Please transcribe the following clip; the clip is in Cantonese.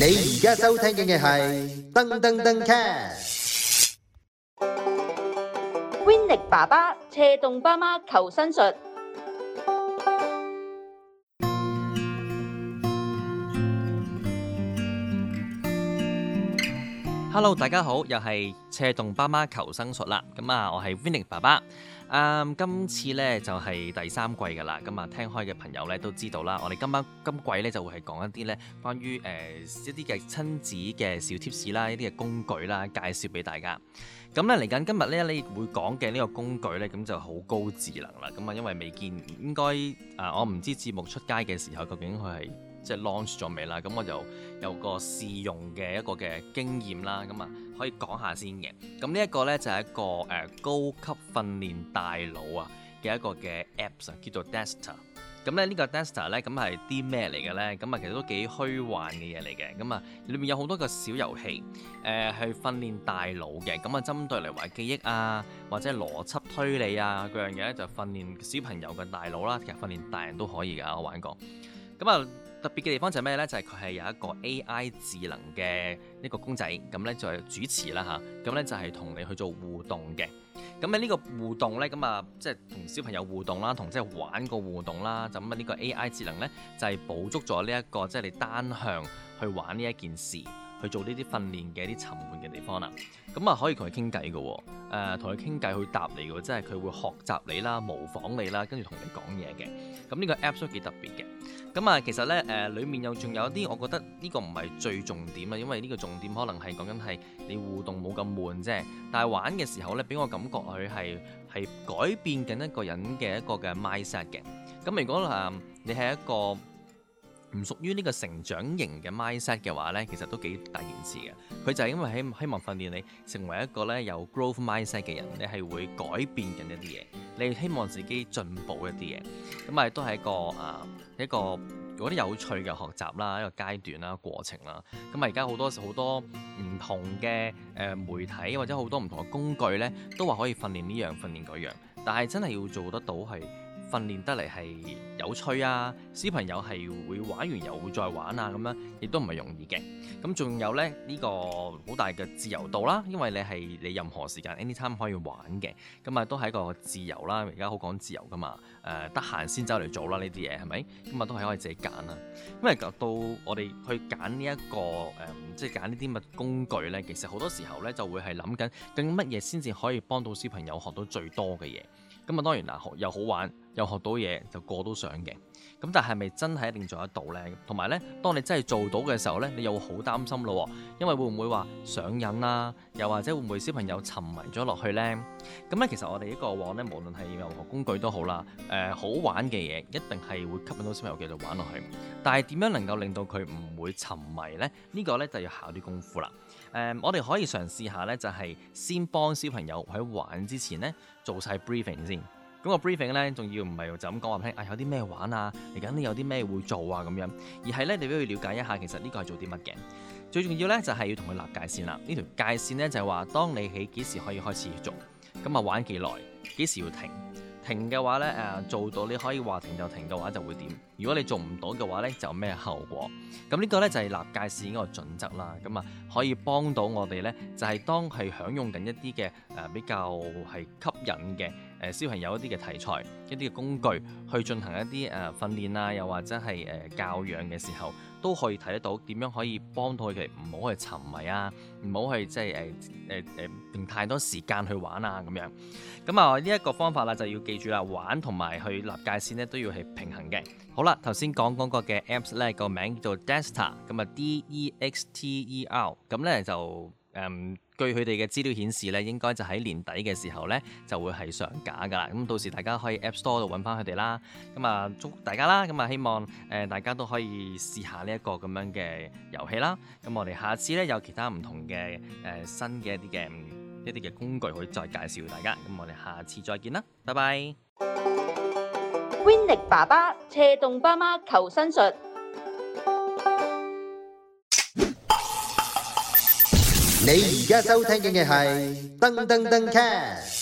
你而家收聽嘅係《噔噔噔 cast》，Vinny 爸爸車動爸媽求生術。Hello，大家好，又係車動爸媽求生術啦。咁啊，我係 Vinny 爸爸。誒、um, 就是，今次呢就係第三季㗎啦。咁啊，聽開嘅朋友呢都知道啦。我哋今晚今季呢就會係講一啲呢關於誒、呃、一啲嘅親子嘅小貼士啦，一啲嘅工具啦，介紹俾大家。咁咧，嚟緊今日呢，你會講嘅呢個工具呢，咁就好高智能啦。咁啊，因為未見，應該啊、呃，我唔知節目出街嘅時候究竟佢係。即係 launch 咗未啦？咁我就有個試用嘅一個嘅經驗啦，咁啊可以講下先嘅。咁呢一個呢，就係、是、一個誒、呃、高級訓練大腦啊嘅一個嘅 Apps 叫做 Dexter。咁咧呢個 Dexter 咧咁係啲咩嚟嘅呢？咁啊其實都幾虛幻嘅嘢嚟嘅。咁啊裏面有好多個小遊戲誒、呃，去訓練大腦嘅。咁啊針對嚟話記憶啊，或者邏輯推理啊嗰樣嘢咧，就是、訓練小朋友嘅大腦啦。其實訓練大人都可以㗎，我玩過。咁啊～特別嘅地方就係咩咧？就係佢係有一個 AI 智能嘅一個公仔，咁呢就係主持啦嚇，咁、啊、呢就係同你去做互動嘅。咁喺呢個互動呢，咁啊即係同小朋友互動啦，同即係玩個互動啦，就咁啊呢個 AI 智能呢，就係補足咗呢一個即係、就係、你單向去玩呢一件事。去做呢啲訓練嘅一啲沉悶嘅地方啦、啊，咁、嗯、啊可以同佢傾偈嘅，誒同佢傾偈去答你嘅，即係佢會學習你啦、模仿你啦，跟住同你講嘢嘅。咁、嗯、呢、這個 app 都幾特別嘅。咁、嗯、啊，其實呢，誒、呃，裡面又仲有啲，我覺得呢個唔係最重點啦，因為呢個重點可能係講緊係你互動冇咁悶啫。但係玩嘅時候呢，俾我感覺佢係係改變緊一個人嘅一個嘅 mindset 嘅。咁、嗯、如果、呃、你係一個。唔屬於呢個成長型嘅 mindset 嘅話呢，其實都幾大件事嘅。佢就係因為希希望訓練你成為一個呢有 growth mindset 嘅人，你係會改變緊一啲嘢，你希望自己進步一啲嘢。咁咪都係一個啊一個啲有趣嘅學習啦，一個階段啦，過程啦。咁咪而家好多好多唔同嘅誒、呃、媒體或者好多唔同嘅工具呢，都話可以訓練呢樣訓練嗰樣，但係真係要做得到係。訓練得嚟係有趣啊！小朋友係會玩完又會再玩啊，咁樣亦都唔係容易嘅。咁仲有咧呢、呢個好大嘅自由度啦，因為你係你任何時間 anytime 可以玩嘅，咁啊都係一個自由啦。而家好講自由噶嘛，誒得閒先走嚟做啦呢啲嘢係咪？咁啊都係可以自己揀啦。因為到我哋去揀呢一個誒，即係揀呢啲乜工具呢？其實好多時候呢，就會係諗緊究竟乜嘢先至可以幫到小朋友學到最多嘅嘢。咁啊當然嗱，又好玩。有學到嘢就過到上嘅，咁但係咪真係一定做得到呢？同埋呢，當你真係做到嘅時候呢，你又會好擔心咯、哦，因為會唔會話上癮啦、啊？又或者會唔會小朋友沉迷咗落去呢？咁、嗯、咧，其實我哋呢個網呢，無論係任何工具都好啦、呃，好玩嘅嘢一定係會吸引到小朋友繼續玩落去。但係點樣能夠令到佢唔會沉迷呢？呢、這個呢，就要考啲功夫啦、呃。我哋可以嘗試下呢，就係、是、先幫小朋友喺玩之前呢，做晒 briefing 先。咁個 briefing 咧，仲要唔係就咁講話聽啊？有啲咩玩啊？你肯定有啲咩會做啊咁樣，而係咧，你都要了解一下，其實呢個係做啲乜嘅。最重要咧，就係要同佢立界線啦。呢條界線咧，就係話，當你喺幾時可以開始做，咁啊玩幾耐，幾時要停？停嘅話咧，誒做到你可以話停就停嘅話就會點？如果你做唔到嘅話咧，就咩後果？咁呢個咧就係立界線嗰個準則啦。咁啊可以幫到我哋咧，就係當係享用緊一啲嘅誒比較係吸引嘅。誒小朋友一啲嘅題材、一啲嘅工具去進行一啲誒、呃、訓練啊，又或者係誒、呃、教養嘅時候，都可以睇得到點樣可以幫到佢哋唔好去沉迷啊，唔好去即係誒誒誒用太多時間去玩啊咁樣。咁啊呢一個方法啦就要記住啦，玩同埋去立界線呢，都要係平衡嘅。好啦，頭先講嗰個嘅 apps 咧，個名叫做 Dexter 咁啊 D E X T E R，咁咧就。誒，um, 據佢哋嘅資料顯示咧，應該就喺年底嘅時候咧，就會係上架㗎喇。咁到時大家可以 App Store 度揾返佢哋啦。咁啊，祝大家啦。咁啊，希望誒、呃、大家都可以試下呢一個咁樣嘅遊戲啦。咁、嗯、我哋下次咧有其他唔同嘅誒、呃、新嘅一啲嘅一啲嘅工具可以再介紹大家。咁、嗯、我哋下次再見啦，拜拜。Winnie 爸爸斜洞，爸媽求生術。你而家收聽嘅係噔噔噔 cast。